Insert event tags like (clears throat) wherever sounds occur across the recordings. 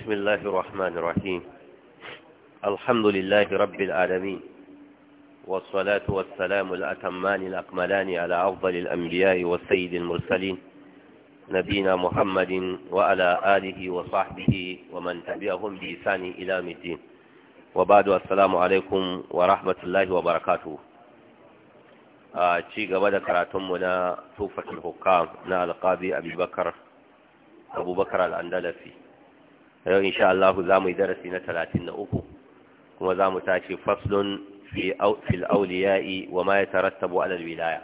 بسم الله الرحمن الرحيم الحمد لله رب العالمين والصلاة والسلام الأتمان الأكملان على أفضل الأنبياء والسيد المرسلين نبينا محمد وعلى آله وصحبه ومن تبعهم بإحسان إلى الدين وبعد السلام عليكم ورحمة الله وبركاته ci gaba da karatunmu na tufatul hukam na alƙabi abubakar abubakar al'andalafi yau insha Allah za mu yi darasi na 33 kuma za mu tashi faslun fil auliya'i wa ma yatarattabu alal wilaya,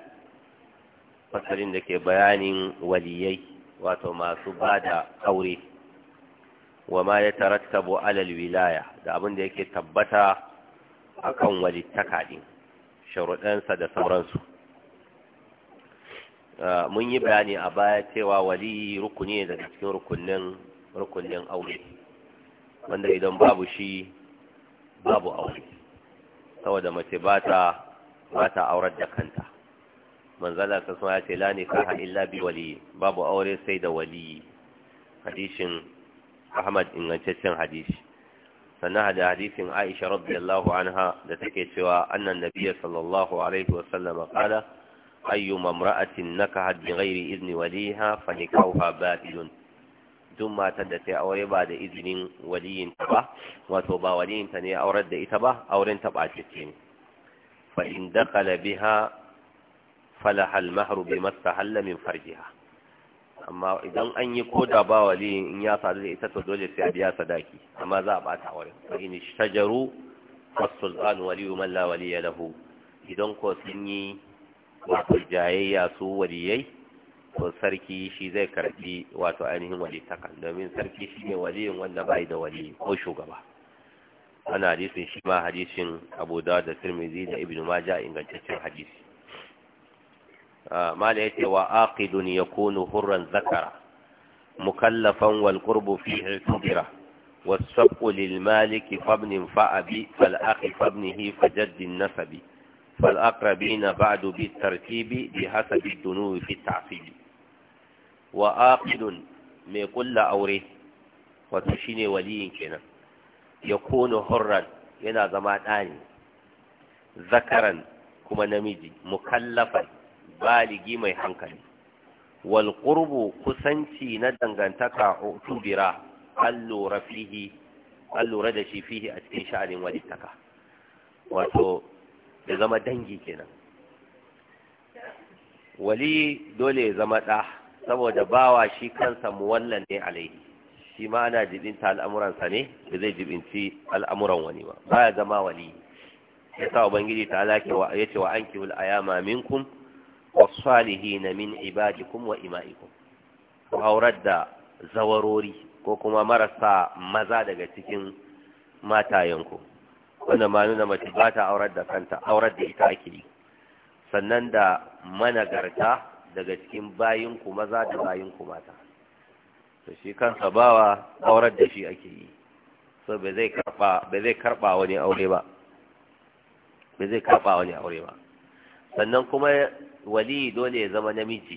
fasalin da ke bayanin waliyai wato masu bada aure wa ma yatarattabu alal wilaya, da abin da yake tabbata akan walittaka ɗin sharuɗansa da sauransu ah, mun yi bayani a baya cewa wali rukuni ne daga cikin rukunin rukunin aure wanda idan babu shi babu aure saboda mace ba ta ba ta aurar da kanta manzala ta ya ce la nikaha illa bi wali babu aure sai da wali hadishin Ahmad ingantaccen hadisi sannan da hadisin Aisha radiyallahu anha da take cewa annan nabiyyi sallallahu alaihi wa sallam qala ayyuma imra'atin bi ghairi izni waliha fa nikahuha batilun duk matar da ta yi aure ba da izinin waliyinta ba wato ba waliyinta ne aurar da ita ba auren ta ce ne fa in dakala biha falaha al-mahru bima istahalla min farjiha amma idan an yi koda ba waliyin in ya sadu da ita to dole sai a biya sadaki amma za a bata auren fa in shajaru fasultan waliyu man la waliya lahu idan ko sun yi wato jayayya su waliyai sarki shi zai karbi wato ainihin takan, domin sarki shi ne waliyin wanda bai da wali ko shugaba ana hadisin shi ma hadisin abu da da tirmizi da ibnu maja ingantaccen hadisi ah, mala ce wa aqidun yakunu hurran zakara mukallafan wal qurbu fihi kubira والسبق للمالك فابن فأب فالأخ فابنه فجد النسب فالأقربين بعد بالترتيب بحسب الدنو في التعصيب wa aqidun mai kulla aure wato shine waliyin kenan ya kono hurran yana zama ɗani zakaran kuma namiji mukallafan baligi mai hankali wal qurbu kusanci na dangantaka utubira allura fihi da shi fihi a cikin sha'anin walittaka wato ya zama dangi kenan wali dole ya zama ɗa saboda bawa shi kansa mu muwallan ne alaihi shi ma ana jibinta al'amuransa ne da zai jibinci al'amuran wani ba baya zama wali ya sa ubangiji ta alake wa ya ce wa an kiwul ayama minkum wa na min ibadikum wa ima'ikum ku haurar da zawarori ko kuma marasa maza daga cikin matayenku wanda ma nuna mace ba ta aurar da kanta aurar da ita ake yi sannan da managarta daga cikin ku maza da ku mata to shi kansa bawa aurar da shi ake yi so ba zai karba ba zai karba wani aure ba ba zai karba wani aure ba sannan kuma wali dole ya zama namiji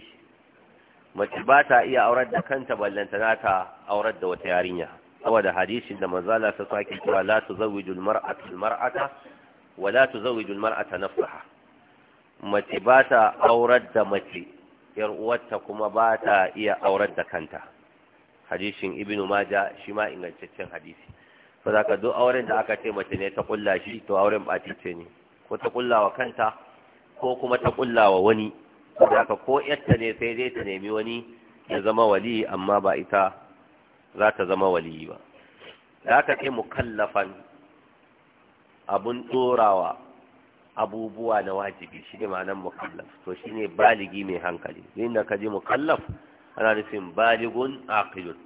mace ba ta iya aurar da kanta ballantana ta aurar da wata yarinya saboda hadisin da Allah ta sake cewa la tuzawwijul mar'atu mar'ata wa la tuzawwijul mar'ata nafsaha mace ba ta aurar da mace yar uwarta kuma ba ta iya aurar da kanta hadishin ibnu maja shi ma ingantaccen hadisi fa zaka duk auren da aka ce mace ne ta kulla shi to auren ce ne ko ta kulla wa kanta ko kuma ta kulla wa wani zaka ko yarta ne sai dai ta nemi wani ya zama wali amma ba ita za ta zama wali ba zaka ce mukallafan abun tsorawa abubuwa na wajibi shi ne ma'anar mukallaf to shi ne baligi mai hankali da ka ji mukallaf ana nufin baligun aqilun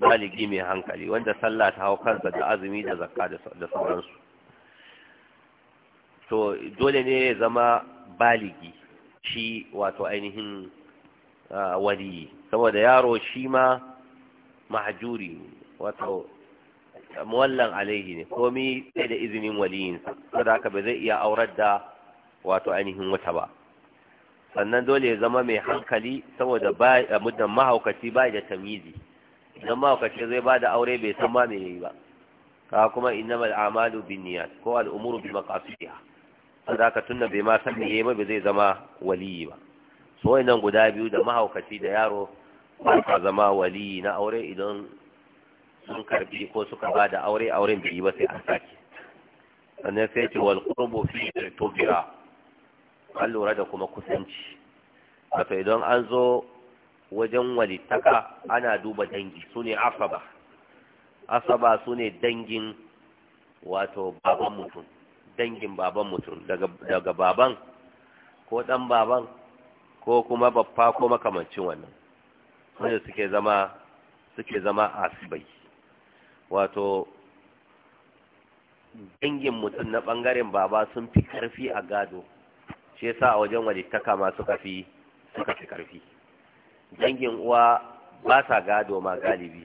baligi mai hankali wanda sallah ta hau kansa da azumi da zakka da sauransu to dole ne ya zama baligi shi wato ainihin ah, wali saboda yaro shi ma mahajuri wato muwallan alaihi ne komi sai da izinin waliyinsa saboda haka ba zai iya aurar da wato ainihin wata ba sannan dole ya zama mai hankali saboda eh, muddin mahaukaci ba da tamizi idan mahaukaci zai ba da aure bai san ma mai yi ba ka kuma innamal a'malu binniyat ko al'umuru bi maqasidiha saboda haka tunda bai ma san meye ba zai zama waliyi ba so nan guda biyu da mahaukaci da yaro ba zama waliyi na aure idan sun karbi ko suka ba da aure auren bai yi ba sai an sake sannan sai ce wal qurbu fi tubira an lura da kuma kusanci wato idan an zo wajen walittaka ana duba dangi su ne asaba asaba su ne dangin wato baban mutum dangin baban mutum daga baban ko dan baban ko kuma babba ko makamancin wannan wanda suke zama suke zama asibai wato dangin mutum na bangaren baba sun fi ƙarfi a gado shi yasa a wajen walittaka ma suka fi suka fi ƙarfi dangin uwa ba sa gado ma galibi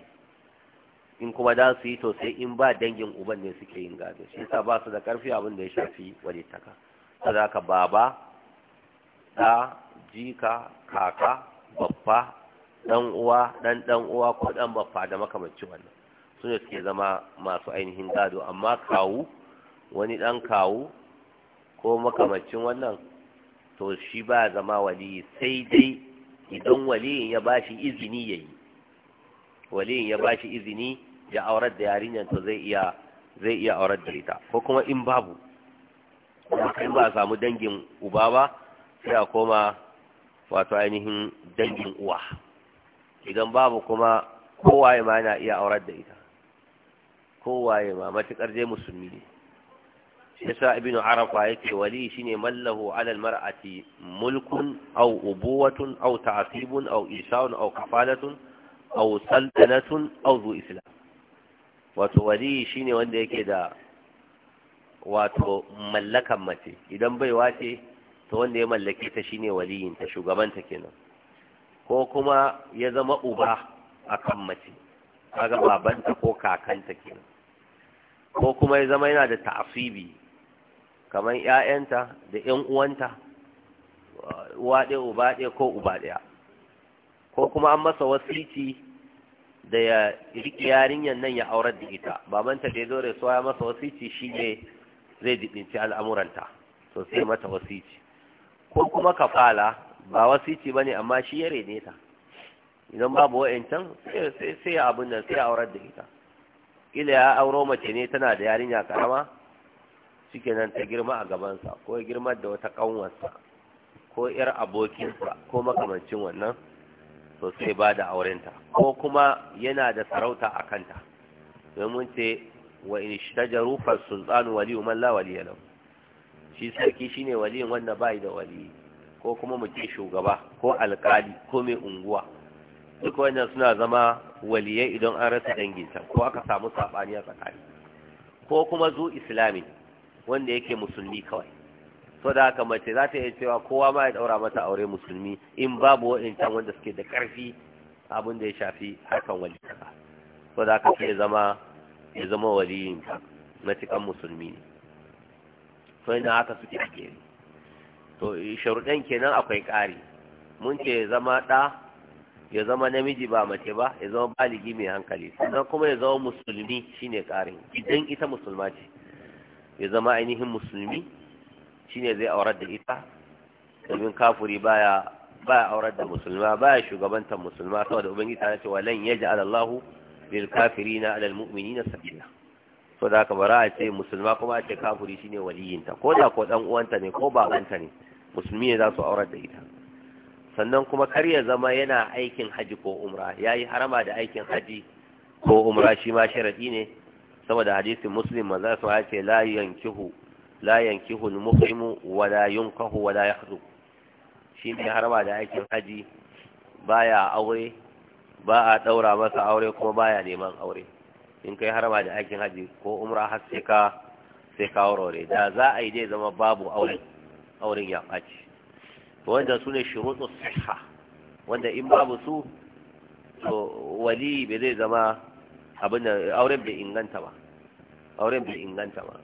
in kuma da su yi to sai in ba dangin uban ne suke yin gado shi yasa ba su da ƙarfi abin da ya shafi walittaka saboda ka baba ɗa jika kaka babba ɗan uwa ɗan ɗan uwa ko ɗan babba da makamanci wannan su suke zama masu ainihin gado amma kawu wani ɗan kawu ko makamacin wannan to shi ba zama wali sai dai idan waliyin ya bashi izini ya yi waliyin ya bashi izini ya aurar da yarinyar to zai iya zai iya aurar da ita ko kuma in babu in ba a samu dangin uba ba sai a koma wato ainihin dangin uwa idan babu kuma kowa ma yana iya aurar da ita kowaye ba matuƙar dai musulmi ne shi sa ibnu arafa yake wali shine mallahu ala almar'ati mulkun aw ubuwatun aw ta'sibun aw isaun aw kafalatun aw saltanatun aw zu islam wato wali shine wanda yake da wato mallakan mace idan bai wace to wanda ya mallake ta shine ta shugaban ta kenan ko kuma ya zama uba akan mace kaga babanta ko kakanta kenan ko kuma ya zama yana da ta'asibi kamar ‘ya'yanta da ‘yan uwanta uwa ɗaya ko uba ko kuma an masa wasiti da ya riƙe yarinyar nan ya aurar da ita manta da ya zo rasuwa ya masa wasiti shi ne zai dibinci al'amuranta to sai mata wasiti ko kuma kafala ba wasiti ba ne amma shi ya rene ta idan babu wa'yancan sai abin nan sai aurar da ita kila ya auro mace ne tana da yarinya karama nan ta girma a gabansa ko girma da wata kanwarsa ko yar abokinsa ko makamancin wannan to sai ba da aurenta ko kuma yana da sarauta a kanta domin ce wa in ta fa sultanu wali man la wali shi sarki shine waliyin wanda bai da wali ko kuma mu shugaba ko alkali ko mai unguwa duk wannan suna zama waliyai idan an rasa danginta ko aka samu saɓani a tsakani ko kuma zu islamin wanda yake musulmi kawai so da haka mace za ta iya cewa kowa ma ya ɗaura mata aure musulmi in babu wa'incan wanda suke da ƙarfi abin da ya shafi harkan wali ta so da haka sai zama ya zama waliyinta matuƙan musulmi ne to yana haka suke a to sharuɗan kenan akwai ƙari mun ce zama ɗa ya zama namiji ba mace ba ya zama baligi mai hankali sannan kuma ya zama musulmi shine karin idan ita musulma ce ya zama ainihin musulmi shine zai aurar da ita domin kafuri baya baya aurar da musulma baya shugabantar musulma saboda ubangiji ta ce walan yaj'al Allahu lil kafirina al mu'minina sabila so da haka bara a ce musulma kuma a ce kafuri shine waliyinta ko da ko dan uwanta ne ko babanta ne musulmi ne za su aurar da ita sannan kuma kar ya zama yana aikin haji ko umra ya yi harama da aikin haji ko umra shi ma sharaɗi ne saboda hadisin muslim maza su ce la yankihu la yankihu al-muqimu wa la yunkahu wa la shi ne harama da aikin haji baya aure ba a daura masa aure kuma baya neman aure in kai harama da aikin haji ko umra har sai ka sai ka aure da za a yi dai zama babu aure auren ya ɓaci wanda su ne shuruɗu siha wanda in babu su to wali be zai zama abin da auren bai inganta ba auren bai inganta ba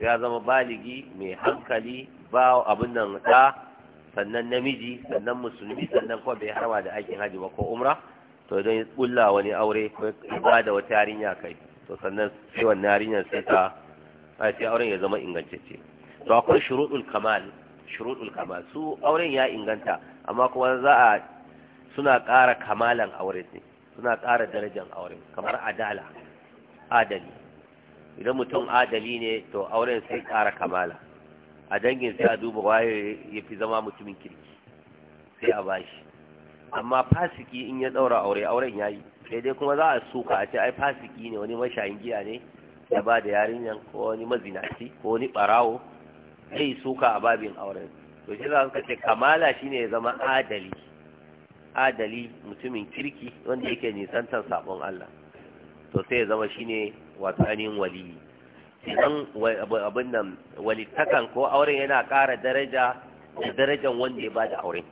ya zama baligi mai hankali ba abin nan da sannan namiji sannan musulmi sannan kuma bai harba da aikin haji ba ko umra to don kulla wani aure ko ba da wata yarinya kai to sannan sai wannan yarinyar sai ta sai auren ya zama ingantacce to akwai shurutul kamal shuruɗul kama su auren ya inganta amma kuma za a suna ƙara kamalan auren ne suna ƙara darajar auren kamar adala adali idan mutum adali ne to auren sai ƙara kamala a dangin sai a duba waye ya fi zama mutumin kirki sai a bashi amma fasiki in ya ɗaura aure auren ya yi sai dai kuma za a suka a ce ai fasiki ne wani mashayin giya ne ya ba da yarinyan ko wani mazinaci ko wani ɓarawo zai suka a babin auren to shi za ka ce kamala shine ya zama adali adali mutumin kirki wanda yake nisantar sabon Allah to sai ya zama shine wato ainihin waliyi idan abin nan walittakan ko auren yana ƙara daraja da darajan wanda ya bada auren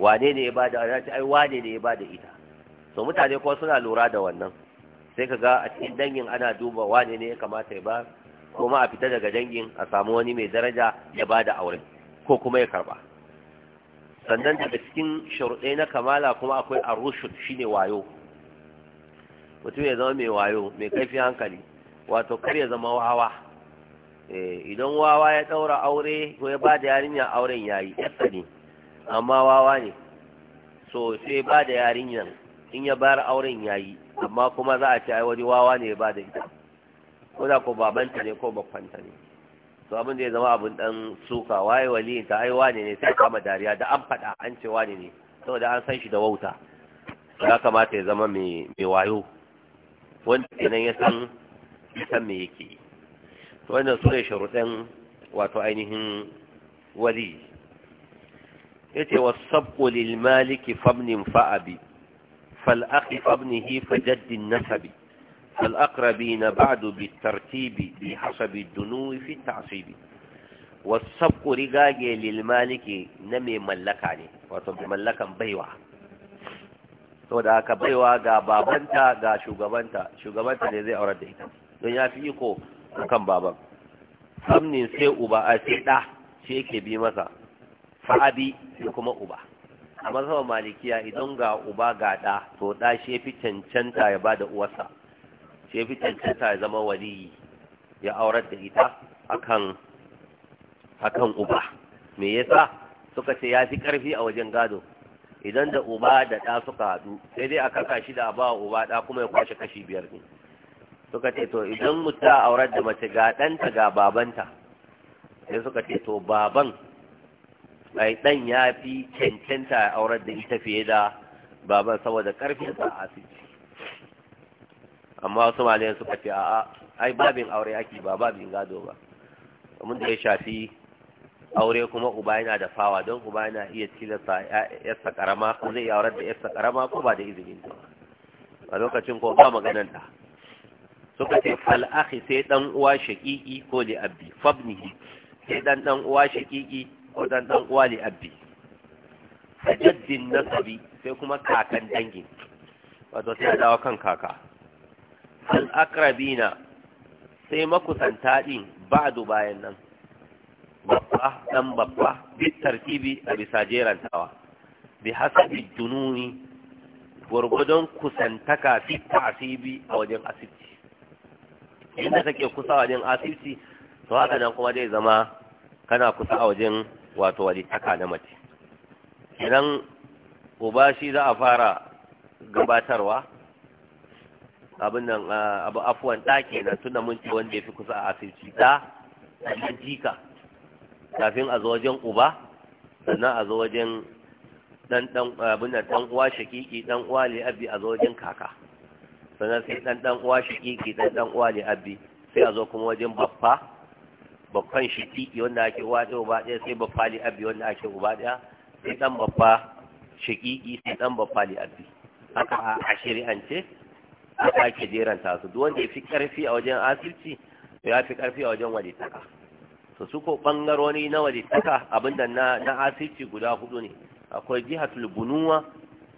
wane ne ya bada auren ai wane ne ya bada ita so mutane ko suna lura da wannan sai ka ga a cikin dangin ana duba wane ne ya kamata ya ba ko a fita daga dangin a samu wani mai daraja ya bada aure ko kuma ya karba sannan daga cikin sharuɗai na kamala kuma akwai arushud shine wayo mutum ya zama mai wayo mai kaifin hankali wato kar ya zama wawa eh, idan wawa ya ɗaura aure ko ya bada yarinya auren yayi yasa ne amma wawa ne so sai bada in ya bayar auren yayi amma kuma za a ce ai wani wawa ne ya bada ita ko da ko babanta ne ko bakwanta ne to abin da ya zama abin dan suka waye wali ta ai wane ne sai kama dariya da an faɗa an ce wane ne saboda an san shi da wauta ya kamata ya zama mai wayo wanda kenan ya san san me yake wannan su ne wato ainihin wali yace sabqu lil maliki fabnin fa'abi fal akhi fabnihi fajaddin nasabi فالأقربين بعد بالترتيب بحسب الدنو في التعصيب والسبق رقاقي للمالك نمي ملكاني وطب ملكا بيوة saboda haka baiwa ga babanta ga shugabanta shugabanta ne zai aurar da ita don ya fi iko kan baban amnin sai uba a ɗa shi yake bi masa fa'abi da kuma uba a mazhaban malikiya idan ga uba ga ɗa to ɗa shi ya fi cancanta ya ba da uwarsa sai ya fi cancanta ya zama waliyi ya aurar da ita akan uba me yasa suka ce ya fi karfi a wajen gado idan da uba da ɗa suka haɗu sai dai a kaka shi da ba uba ɗa kuma ya kwashe kashi biyar ne suka ce to idan mutu aurar da mace ga ɗanta ga babanta sai suka ce to baban ai ɗan ya fi cancanta a aurar da ita fiye da baban saboda ƙarfinsa a asibiti amma wasu malayan suka ce a'a ai babin aure ake ba babin gado ba mun da ya shafi aure kuma uba yana da fawa don uba yana iya tilasta yarsa karama ko zai aure da yarsa karama ko ba da izinin ta a lokacin ko ba maganan da suka ce fal sai dan uwa shaqiqi ko li abbi fabnihi sai dan dan uwa shaqiqi ko dan dan uwa li abbi jaddin nasabi sai kuma kakan dangin wato sai dawo kan kaka al'akrabina sai makusanta ɗin ba bayan nan babba ɗan babba bitar tartibi a bisa jerantawa bi hasabi jununi gwargwadon kusantaka fi asibi a wajen asibiti inda take kusa wajen asibiti to haka nan kuma zai zama kana kusa a wajen wato taka na mace idan uba shi za a fara gabatarwa abinnan abu afuwan ɗaki na tunda mun ce wanda ya fi kusa a asirci ta sannan jika kafin a zo wajen uba sannan a zo wajen dan dan abin dan uwa shakiki dan uwa li abi a zo wajen kaka sannan sai dan dan uwa shakiki dan dan uwa li abi sai a zo kuma wajen baffa bakkan shakiki wanda ake uwa ɗaya uba ɗaya sai baffa li abi wanda ake uba ɗaya sai dan baffa shakiki sai dan baffa li abi haka a shari'ance a sake jeranta su duk wanda ya fi karfi a wajen asirci ya fi karfi a wajen walitaka to su ko bangaroni na walitaka abinda na na asirci guda hudu ne akwai jihatul bunuwa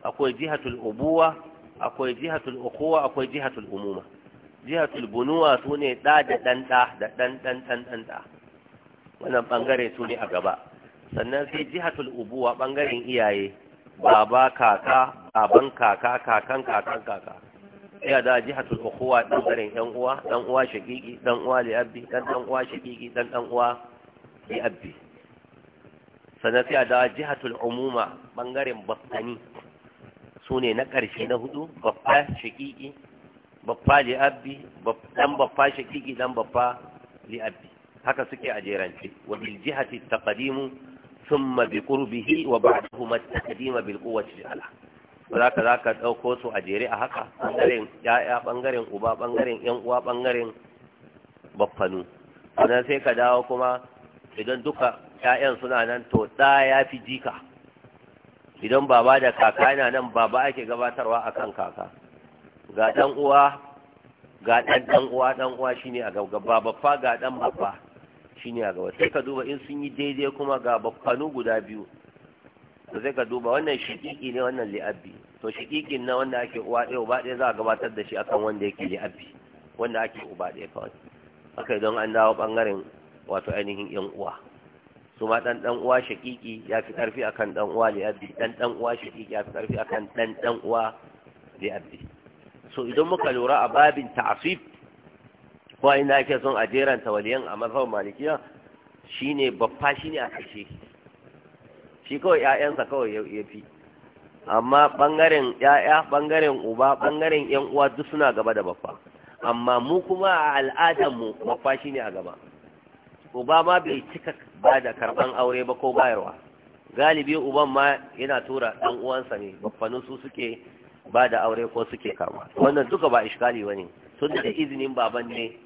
akwai jihatul ubuwa akwai jihatul ukuwa akwai jihatul umuma jihatul bunuwa su ne da da dan da da dan dan dan dan da wannan bangare su ne a gaba sannan sai jihatul ubuwa bangaren iyaye baba kaka baban kaka kakan kakan kaka ya da jihatul ukhuwa dan garin yan uwa dan uwa shakiki dan uwa li abbi dan dan uwa shakiki dan dan uwa li abbi sannan sai da jihatul umuma bangaren babbani sune na karshe na hudu babba shakiki babba li abbi dan babba shakiki dan babba li abbi haka suke a jerance wa bil jihati taqdimu thumma bi qurbihi wa ba'dahu ma taqdima bil quwwati ala za ka za ka ɗauko su a jere a haka ɓangaren ya'ya ɓangaren uba ɓangaren yan uwa ɓangaren baffanu sannan sai ka dawo kuma idan duka ya'yan suna nan to ɗa ya fi jika idan baba da kaka yana nan baba ake gabatarwa a kan kaka ga ɗan uwa ga ɗan ɗan uwa ɗan uwa ne a gaba ba baffa ga ɗan baffa ne a gaba sai ka duba in sun yi daidai kuma ga baffanu guda biyu to sai ka duba wannan shiƙiƙi ne wannan li'abbi to shiƙiƙin na wanda ake uwa ɗaya uba ɗaya za a gabatar da shi akan wanda yake li'abbi wanda ake uba ɗaya kawai haka idan an dawo ɓangaren wato ainihin yan uwa su ma ɗan ɗan uwa shiƙiƙi ya fi ƙarfi akan ɗan uwa li'abbi ɗan ɗan uwa shiƙiƙi ya fi ƙarfi akan ɗan ɗan uwa li'abbi so idan muka lura a babin ta'asif ko ina ake son a jeranta waliyan a mazhab malikiya shine babba shine a kashe shi kawai ‘ya'yansa kawai ya fi amma ɓangaren ‘ya'ya ɓangaren uba ɓangaren ‘yan uwa duk suna gaba da baffa amma mu kuma a al'adarmu baffa shi ne a gaba uba ma bai cika ba da karɓan aure ba ko bayarwa galibi uban ma yana tura ɗan uwansa ne baffanin su suke ba da aure ko suke karɓa. wannan duka ba iskali ba ne tun da izinin baban ne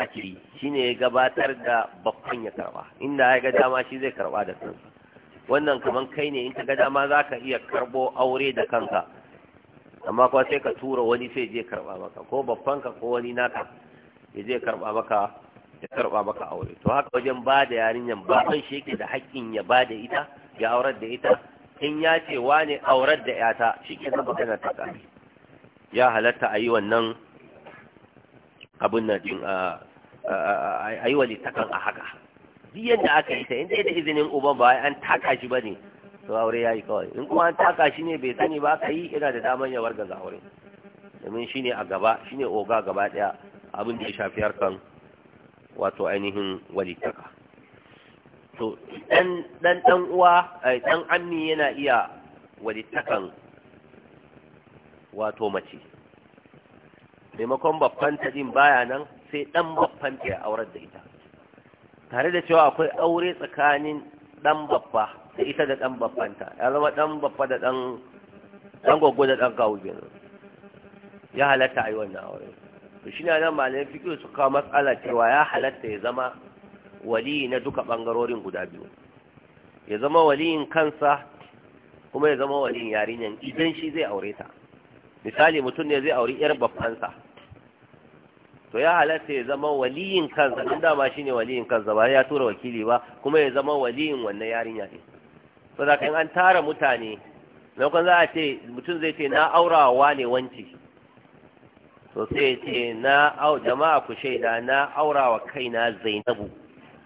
ake yi shine ya gabatar da babban ya karba inda ya ga dama shi zai karba da kansa wannan kaman kai ne in ka ga dama za ka iya karɓo aure da kanka amma kuma sai ka tura wani sai je karɓa maka ko ka ko wani naka ya je karɓa maka ya karba maka aure to haka wajen ba da yarinyar ba kan shi yake da haƙƙin ya ba da ita ya aurar da ita in ya ce wane aurar da yata shi ke zama kana ta ƙari ya halatta a yi wannan abin nan a yi wani takan a haka duk yadda aka yi ta in dai da izinin uban ba an taka shi ba ne, to aure yayi kawai in kuma an taka shi ne bai sani ba ka yi yana da daman ya warga aure domin shine a gaba shine oga gaba daya abin da ya shafi harkan wato ainihin walitaka to dan dan dan uwa dan eh, ammi yana iya walitakan wato mace maimakon babban ta din baya nan sai dan babban ta aurar da ita tare da cewa akwai aure tsakanin dan babba da ita da dan babbanta ya zama dan babba da dan dan gogo da dan kawo gina ya halatta a yi wannan aure to na nan malamin fikir su kawo matsala cewa ya halatta ya zama wali na duka bangarorin guda biyu ya zama waliyin kansa kuma ya zama waliyin yarinyan idan shi zai aure ta misali mutum ne zai aure yar babbansa to ya halatta ya zama waliyin kansa din dama shine waliyin kansa ba ya tura wakili ba kuma ya zama waliyin wannan yarinya din so da kan an tara mutane lokacin za a ce mutum zai ce na aurawa ne wanci to sai ce na au jama'a ku shaida na aurawa kaina Zainabu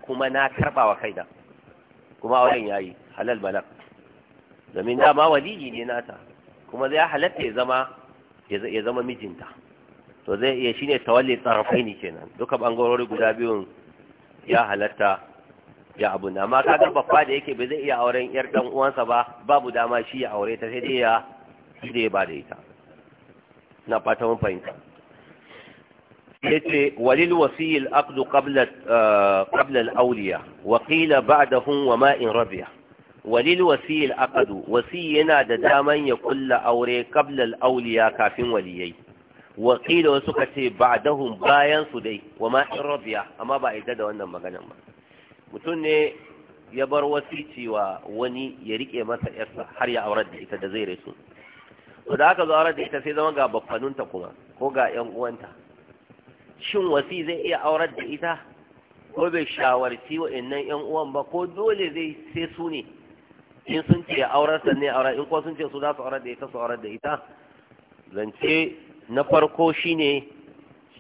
kuma na wa kaina kuma auren yayi halal balak domin dama waliyi ne nata kuma zai halatta ya zama ya zama mijinta to zai iya shine tawalli ne kenan duka bangarori guda biyun ya halatta ya abu na amma kaga babba da yake bai zai iya auren yar dan uwansa ba babu dama shi ya aure ta sai dai ya dai ba da ita na fata mun fahimta yace walil wasiyil aqd qabla eh, qabla al-awliya wa qila ba'dahum wa ma in rabiya walil wasiyil aqd wasi yana da daman ya kulla aure qabla al-awliya kafin waliyai Waƙila wasu ka ce ba dahun bayan su dai wa ma'in rabia amma ba a da wannan maganan ba mutum ne ya bar wasici wa wani ya rike masa yarsa har ya aurar da ita da zai resu to da aka zo aurar da ita sai zama ga baffanunta kuma ko ga yan uwanta shin wasi zai iya aurar da ita ko bai shawarci nan yan uwan ba ko dole zai sai su ne in sun ce aurar sannan aurar in ko sun ce su za su aurar da ita su aurar da ita zance na farko shine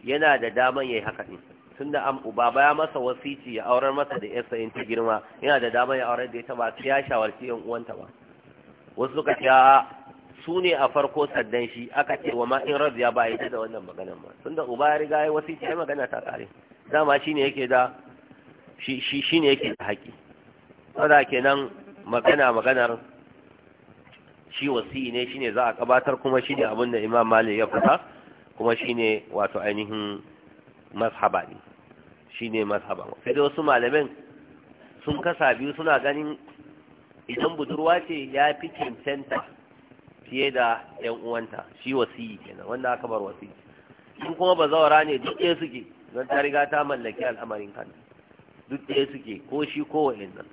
yana da daman yayi haka din tunda am uba ya masa wasiti ya aurar masa da yarsa in ta girma yana da daman ya aurar da ita ba sai ya shawarci yan uwanta ba wasu suka ce su ne a farko saddan shi aka ce wa ma in radiya ba ita da wannan maganar ma, tunda uba ya riga yayi wasiti ya magana ta kare dama shine yake da shi shine yake da haƙi saboda kenan magana maganar shi wasi ne shine za a gabatar kuma shine abin da Imam Malik ya fata kuma shine wato ainihin mazhaba ne shine mazhaba sai da wasu malamin sun kasa biyu suna ganin idan budurwa ce ya fi cancanta fiye da ‘yan uwanta shi wasiyi kenan wanda aka bar wasiyi sun kuma ba zawara ne duk ɗaya suke don ta riga ta mallaki al'amarin kanta duk ɗaya suke ko shi ko wa'in nan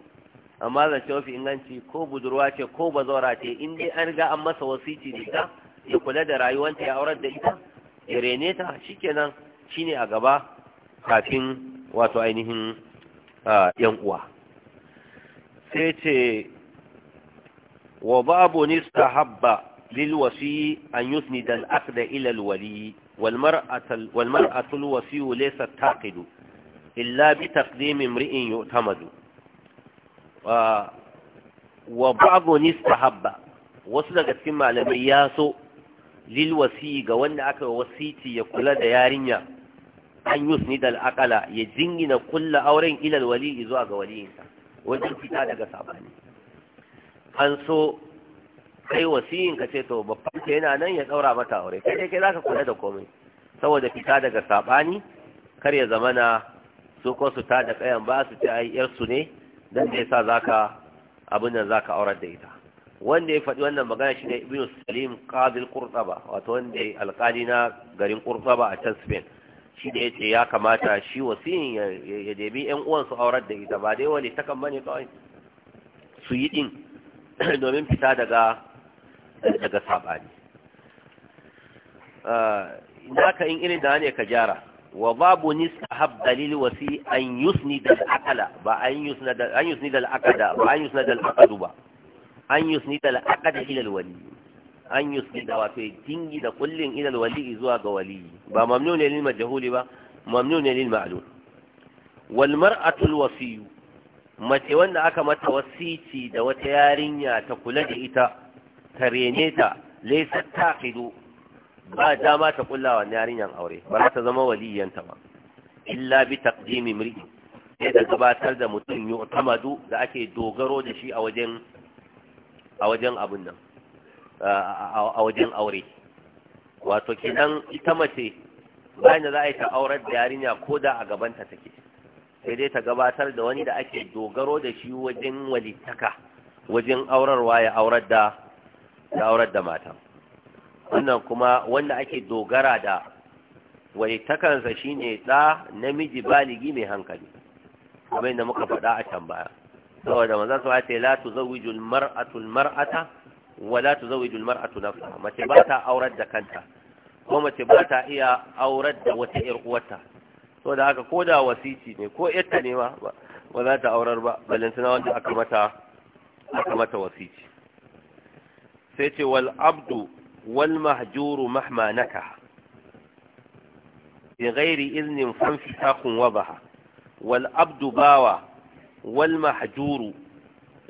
amma zance mafi inganci ko budurwa ce ko bazawara ce in dai an ga an masa wasici da ita ya kula da rayuwanta ya aurar da ita ya rene ta shikenan shine a gaba kafin wato ainihin yan uwa sai ce wa babu nista habba lil wasi an yusni al aqda ila al wali wal mar'atul wal wasi laysa taqidu illa bi taqdim imri'in yu'tamadu wa Babu ni sahabba wasu daga cikin malamai ya so lil wasi ga wanda aka wasiti ya kula da yarinya an ni dal aqala ya jingina kulla auren ilal wali zuwa ga waliyinsa wajen fita daga sabani an so kai wasiyin ka ce to babban ka yana nan ya daura mata aure kai dai kai zaka kula da komai saboda fita daga sabani kar ya zamana su ko su ta da kayan ba su ce ai yar su ne dan da yasa zaka abin nan zaka aurar da ita wanda ya faɗi wannan magana shi ne ibn salim qadil qurtaba wato wanda ya alƙali na garin qurtaba a can spain shi da yace ya kamata shi wasiyin ya debi ɗan uwan su aurar da ita ba dai wani takan bane kawai su yi din (clears throat) domin fita daga daga sabani ah, in ka in irin da ne ka jara wa babu nistahab dalil wasi an yusnida al-aqala ba an yusni da yusnida al ba an yusnida al-aqadu ba an yusni da aqada ila al-wali an yusni da wato tingi da kullin ilal wali zuwa ga wali ba mamnun lil majhuli ba mamnun lil ma'lum wal mar'atu al-wasiy mace wanda aka mata wasici da wata yarinya ta kula da ita ta rene ta laysa taqidu ba dama ta kulla wa yarinyan aure ba za ta zama waliyanta ba illa bi taqdimi mri'i sai da gabatar da mutum yu'tamadu da ake dogaro da shi a wajen a wajen abun nan a wajen aure wato kenan ita mace bayan da za a yi ta aurar da yarinya ko da a gabanta take sai dai ta gabatar da wani da ake dogaro da shi wajen walittaka wajen aurarwa ya aurar da ya aurar da matan wannan kuma wanda ake dogara da walitakansa shine da namiji baligi mai hankali kamar inda muka faɗa a can baya saboda manzo sa ce la tuzawiju almar'atu almar'ata wa la tuzawiju almar'atu nafsaha mace ba ta aurar da kanta ko mace ba ta iya aurar da wata ƴar uwarta saboda haka ko da wasici ne ko ƴarta ne ma ba za ta aurar ba suna wanda aka mata aka mata wasici sai ce wal abdu wal mahjuru mahma بغير bi ghairi iznin fanfitakun wabaha wal abdu wal mahjuru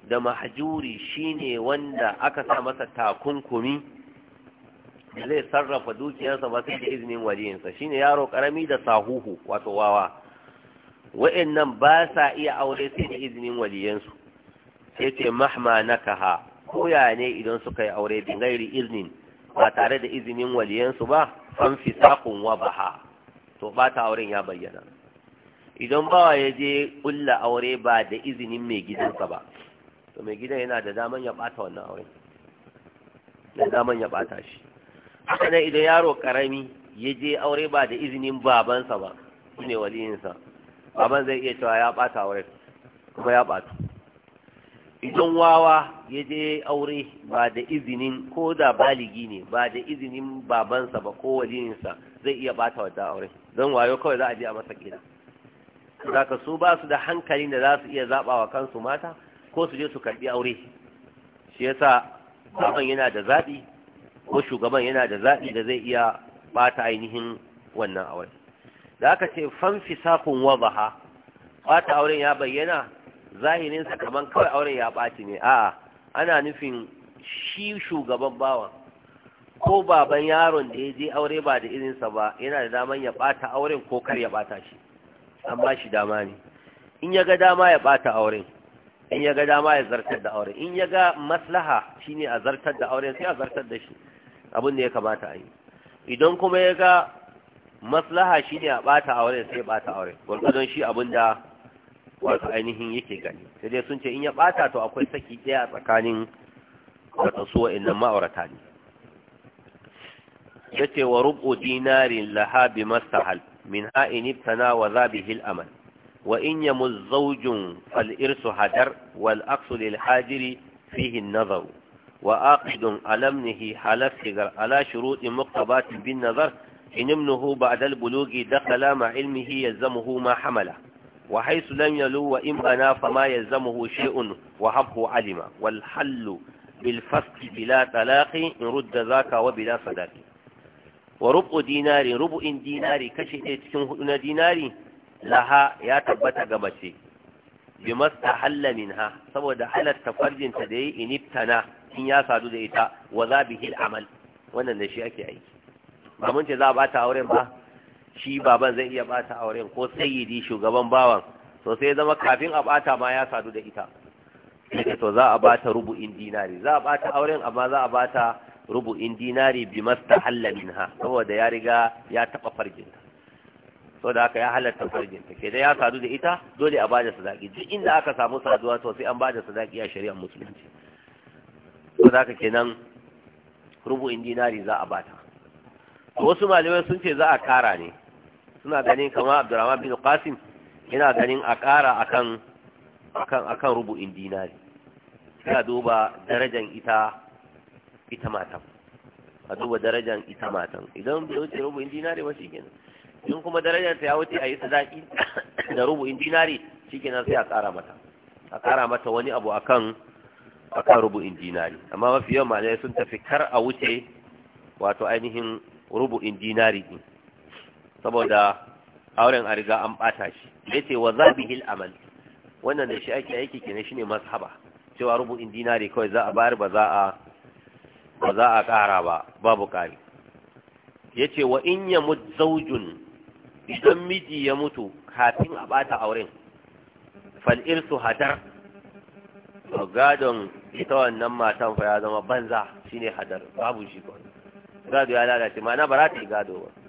da mahjuri shine wanda aka sa masa takunkumi da zai sarrafa dukiyarsa ba sai da izinin waliyinsa shine yaro karami da sahuhu wato wawa wa'annan ba sa iya aure sai da izinin waliyansu sai ce mahma nakaha koya ne idan suka yi aure bin gairi iznin ba tare da izinin waliyansu ba fan fisakun wa baha to bata auren ya bayyana idan bawa ya je kulla aure ba da izinin mai gidansa ba to mai gidan yana da daman ya bata wannan aure da daman ya bata shi haka nan idan yaro karami ya je aure ba da izinin babansa ba shine waliyinsa baban zai iya cewa ya bata aure kuma ya bata idan wawa ya je aure ba da izinin ko da baligi ne ba da izinin babansa ba ko walininsa zai iya bata wadda aure don wayo kawai za a je a masa kira ka su ba su da hankalin da za su iya zaɓawa kansu mata ko su je su karɓi aure shi yasa baban yana da zaɓi ko shugaban yana da zaɓi da zai iya bata ainihin wannan aure da aka ce fanfi sakun wabaha bata auren ya bayyana zahirin sa kaman kawai auren ya ɓaci ne a'a ana nufin shi shugaban bawan ko baban yaron da ya je aure ba da irinsa ba yana da daman ya ɓata auren ko kar ya ɓata shi an ba shi dama ne in ya ga dama ya ɓata auren in ya ga dama ya zartar da auren in ya ga maslaha shine a zartar da auren sai a zartar da shi abin da ya kamata a yi idan kuma ya ga maslaha shine a ɓata auren sai ya ɓata auren gwargwadon shi abin da wato ainihin yake gani sai dai sun ce in ya bata to akwai saki daya tsakanin wato su wa'annan ma'aurata ne yace wa rubu dinarin laha bi mastahal min ha'in ibtana wa zabihi al-amal wa in yamuz zawjun fal irsu hadar wal aqsu lil hajiri fihi an-nazar wa aqidun alamnihi halaf sigar ala shuruti muqtabat bin nazar in ibnuhu ba'da al-bulughi dakhala ma ilmihi yalzamuhu ma hamala wa haisu lam yalu wa in bana fama yalzamuhu shay'un wa habhu alima wal hallu bil bila talaqi in rudda zaka wa bila sadaqi wa rubu dinari rubu'in dinari kashi ne cikin hudu na dinari laha ya tabbata ga mace bi halla minha saboda halarta farjinta da yayi inibtana in ya sadu da ita wa zabihil amal wannan da shi ake aiki ba mun ce za a bata auren ba shi baban zai iya bata auren ko sayyidi shugaban bawan to sai zama kafin a bata ma ya sadu da ita sai to za a bata rubu'in dinari za a bata auren amma za a bata rubu'in dinari bi mastahalla minha saboda ya riga ya taba farjinta so da aka ya halatta farjinta ke da ya sadu da ita dole a bada sadaki duk inda aka samu saduwa to sai an bada sadaki a shari'ar musulunci so da aka kenan rubu'in dinari za a bata wasu malamai sun ce za a kara ne suna ganin kamar abdurrahman bin qasim yana ganin a ƙara akan akan rubu'in dinari sai duba darajan ita ita matan a duba darajan ita matan idan bai wuce rubu'in dinari ba shikenan in kuma darajar ta ya wuce a yi sadaki (coughs) da rubu'in dinari shikenan sai a ƙara mata a ƙara mata wani abu akan akan rubu'in dinari amma mafi yawan ma'ana sun tafi kar a wuce wato ainihin rubu'in dinari din saboda auren a riga an bata shi yace wa hil amal wannan da shi ake aiki kenan shine mazhaba cewa rubu'in dinari kawai za a bayar ba za a ba za a ƙara ba babu ƙari yace wa in ya zaujun? idan miji ya mutu kafin a bata auren fal irsu hadar gadon ita wannan matan fa ya zama banza shine hadar babu shi gado ya lalace mana ba za ta yi gado ba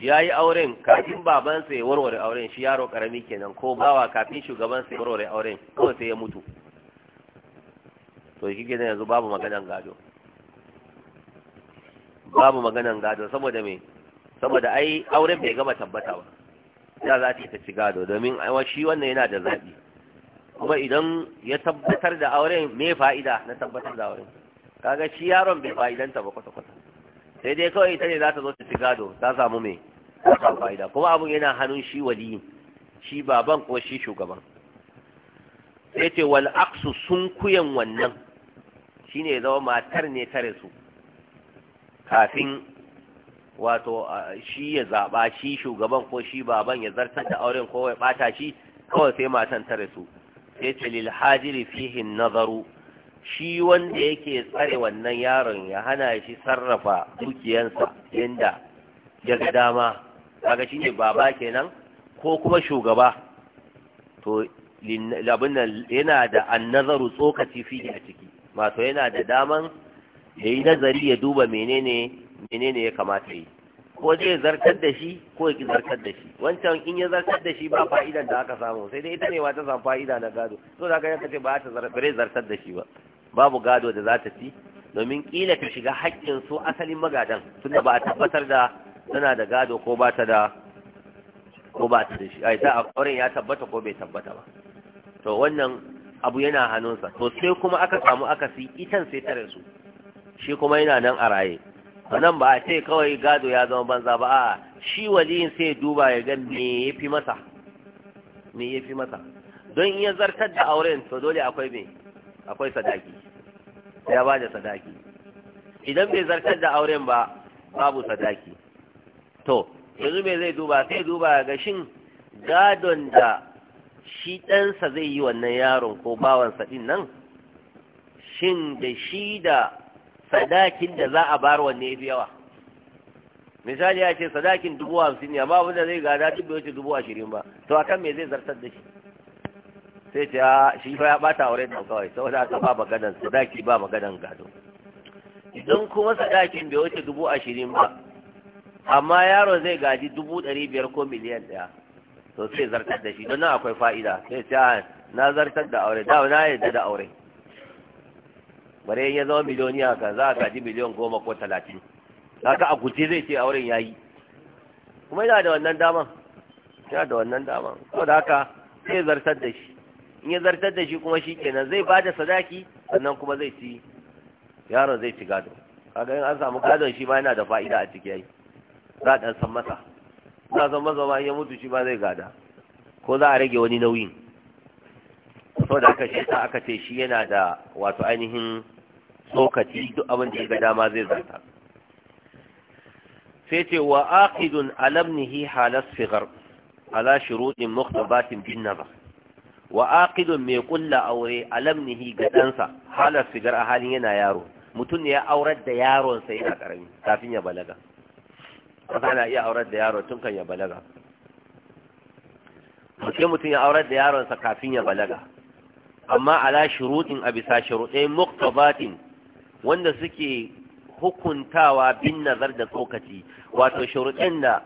ya yi auren kafin babansa ya warware auren shi yaro karami kenan ko bawa kafin shugabansa ya warware auren kawai sai ya mutu to shi kenan yanzu babu maganan gado babu maganan gado saboda mai saboda ai auren bai gama tabbata ba ya za ta ta ci gado domin shi wannan yana da zaɓi kuma idan ya tabbatar da auren me fa'ida na tabbatar da auren kaga shi yaron bai fa'idanta ba kwata-kwata sai dai kawai ita ne za ta zo ta fi gado ta samu mai ta fa'ida kuma abin yana hannun shi wali shi baban ko shi shugaban sai ce wal aksu sun kuyan wannan shine ya zama matar ne tare su, kafin wato shi ya zaɓa shi shugaban ko shi baban ya zartar da auren ko ya ɓata shi kawai sai matan tare su, sai ce lil hajiri fihin nazaru shi wanda yake tsare wannan yaron ya hana shi sarrafa dukiyansa yadda ya ga dama kaga shi ne baba kenan ko kuma shugaba to abin nan yana da annazaru tsokaci fi a ciki mato yana da daman ya yi nazari ya duba menene ya kamata yi ko zai zartar da shi ko ya zartar da shi wancan in ya zartar da shi ba fa'idan da aka samu sai dai ita ne wata ta samu fa'ida na gado so da ka ce ba ta zartar zartar da shi ba babu gado da za ta ci domin kila ta shiga haƙƙin su asalin magadan tunda ba a tabbatar da tana da gado ko ba ta da ko ba ta da shi ai auren ya tabbata ko bai tabbata ba to wannan abu yana hannunsa to sai kuma aka samu akasi itan sai ta rasu shi kuma yana nan a raye nan ba a ce kawai gado ya zama banza ba a shi waliyin sai duba ya ga me yafi masa me yafi masa don iya zartar da auren to dole akwai me akwai sadaki sai ya bada sadaki idan bai zartar da auren ba babu sadaki to yanzu me zai duba sai duba ga shin gadon da shi ɗansa zai yi wannan yaron ko bawansa ɗin nan shin da shi da sadakin da za a bar wanne ya fi yawa misali ya ce sadakin dubu hamsin ne amma wanda zai gada duk bai wuce dubu ashirin ba to a kan me zai zartar da shi sai ce a shi fa ya bata aure da kawai saboda aka ba maganan sadaki ba maganan gado idan kuma sadakin bai wuce dubu ashirin ba amma yaro zai gaji dubu ɗari biyar ko miliyan ɗaya to sai zartar da shi don nan akwai fa'ida sai ce a na zartar da aure da na yadda da aure bare ya zama miliyoniya kan za ka ji miliyon goma ko talatin za a guje zai ce auren ya yi kuma yana da wannan daman yana da wannan daman ko da haka zai zartar da shi in ya zartar da shi kuma shi kenan zai ba da sadaki sannan kuma zai ci yaron zai ci gado kaga in an samu gadon shi ma yana da fa'ida a ciki yayi za a dan san masa za san masa ma in ya mutu shi ma zai gada ko za a rage wani nauyin saboda aka shi aka ce shi yana da wato ainihin tsokaci duk abin da ya ga dama zai zarta sai ce wa aqidun alamnihi halas figar ala shuruɗin mukhtabatin bin nazar wa aqidun mai kulla aure alamnihi ga ɗansa halas figar a halin yana yaro mutum ne ya aurar da yaronsa yana ƙarami kafin ya balaga wata na iya aurar da yaro tun kan ya balaga mutum mutum ya aurar da yaronsa kafin ya balaga amma ala shuruɗin a bisa shuruɗai muktabatin wanda suke hukuntawa bin nazar da tsokaci wato shuruɗin da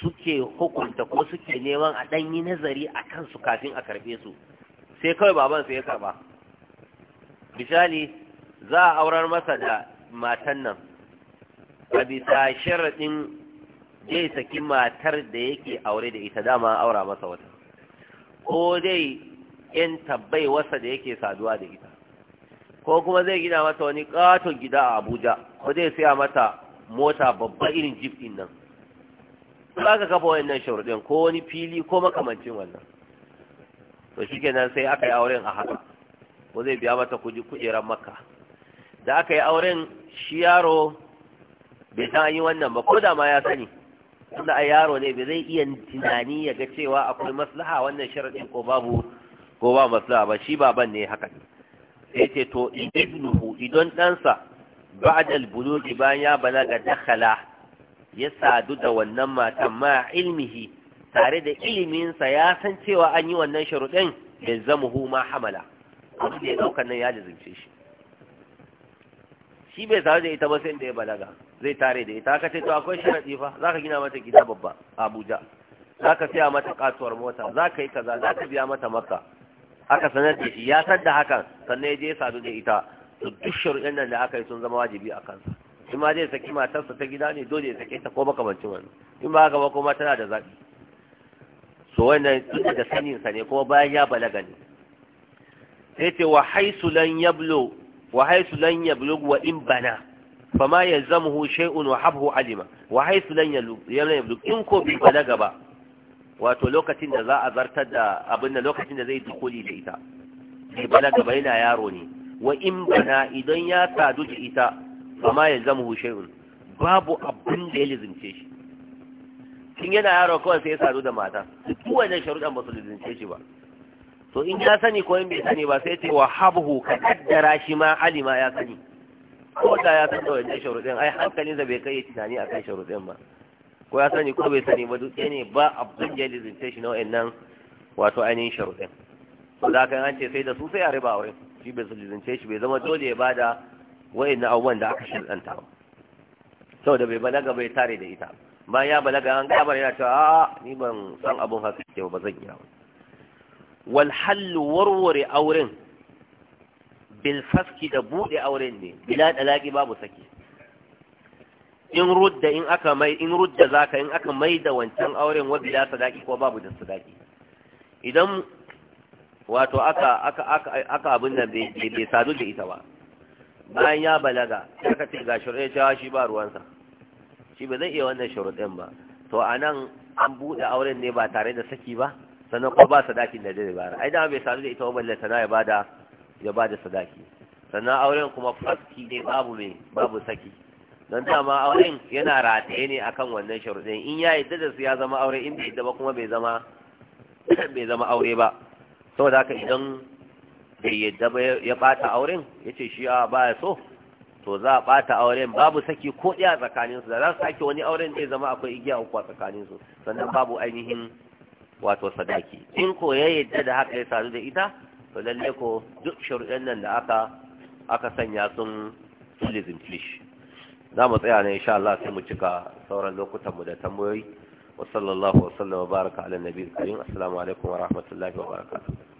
suke hukunta ko suke neman a ɗanyi nazari a kansu kafin a karɓe su sai kawai babansa ya karɓa misali za a aurar masa da matan nan a bisa sharaɗin zai saki matar da yake aure da ita dama aura masa wata ko dai yan tabbai wasa da yake saduwa da ita ko kuma zai gina mata wani katon gida a abuja ko zai siya mata mota babba irin jeep din nan za ka kafa wannan sharuɗin ko wani fili ko makamancin wannan to shi kenan sai aka yi auren a haka ko zai biya mata kujeran makka da aka yi auren shi yaro bai san an yi wannan ba ko da ma ya sani tunda a yaro ne bai zai iya tunani ya ga cewa akwai maslaha wannan sharaɗin ko babu ko ba maslaha ba shi baban ne haka ne sai ce to ibnuhu idan ɗansa al buluji bayan ya balaga dakhala ya sadu da wannan mata ma ilmihi tare da sa ya san cewa an yi wannan sharuɗin da zamuhu ma hamala abin ya ɗaukar nan ya lizince shi shi bai tare da ita ba sai da ya balaga zai tare da ita aka to akwai sharaɗi fa za gina mata gida babba abuja za ka siya mata kasuwar mota zaka yi kaza zaka biya mata maka aka sanar da shi ya san da hakan sannan ya je ya sadu da ita to duk shari'an nan da aka yi sun zama wajibi a kansa in ma zai saki matarsa ta gida ne dole ya sake ta ko makamancin wani in ba haka ba kuma tana da zaɓi so wannan da sanin saninsa ne kuma bayan ya balaga ne sai ce wa haisu lan yablo wa haisu lan yablo wa in bana fama yalzamuhu shay'un wa habhu alima wa haisu lan yablo in ko bi balaga ba wato lokacin da za a zartar da abin da lokacin da zai dukuli da ita bai bala gaba yana yaro ne wa in bana idan ya sadu da ita amma ya zama hushe'un babu abin da ya lizince shi kin yana yaro kawai sai ya sadu da mata duk wannan sharuɗan ba su lizince shi ba to in ya sani ko in bai sani ba sai ce wa habhu ka kaddara shi ma alima ya sani ko da ya san da wannan sharuɗin ai hankalinsa bai kai tunani akan sharuɗin ba ko ya sani ko bai sani ba duk ne ba abin da lizinta shi na nan wato ainihin sharuɗin ko da kan an ce sai da su sai a riba a wurin shi bai su lizince shi bai zama dole ya bada na abubuwan da aka shirɗanta ba da bai balaga bai tare da ita bayan ya balaga an gabar yana cewa a ni ban san abun haka ke ba zan yi ba wal warware auren bil faski da buɗe auren ne bila dalaki babu saki in rudda in aka mai in rudda zaka in aka mai da wancan auren wabi da sadaki ko babu da sadaki idan wato aka aka aka aka abin da bai sadu da ita ba bayan ya balaga aka ce ga shirye cewa shi ba ruwansa shi ba zai iya wannan shuruɗin ba to a nan an bude auren ne ba tare da saki ba sannan ko ba sadaki da zai ba ai da bai sadu da ita ba balle sana ya bada ya bada sadaki sannan auren kuma faski ne babu me babu saki don dama auren yana rataye ne akan wannan sharuɗin in ya yadda da ya zama aure in bai yadda ba kuma bai zama (clears throat) bai zama aure ba saboda haka idan bai yadda ba ya bata auren yace shi a baya so to za a bata auren babu saki ko ɗaya tsakanin su da za su sake wani auren zai zama akwai igiya uku a tsakanin su sannan babu ainihin wato sadaki in ko ya yadda da haka ya sadu da ita to lalle ko duk sharuɗan nan da aka aka sanya sun sun za mu tsaya ne insha Allah sai mu cika sauran lokutan mu da tambayoyi wa sallallahu wa sallama baraka ala nabiyil karim assalamu alaikum wa rahmatullahi wa barakatuh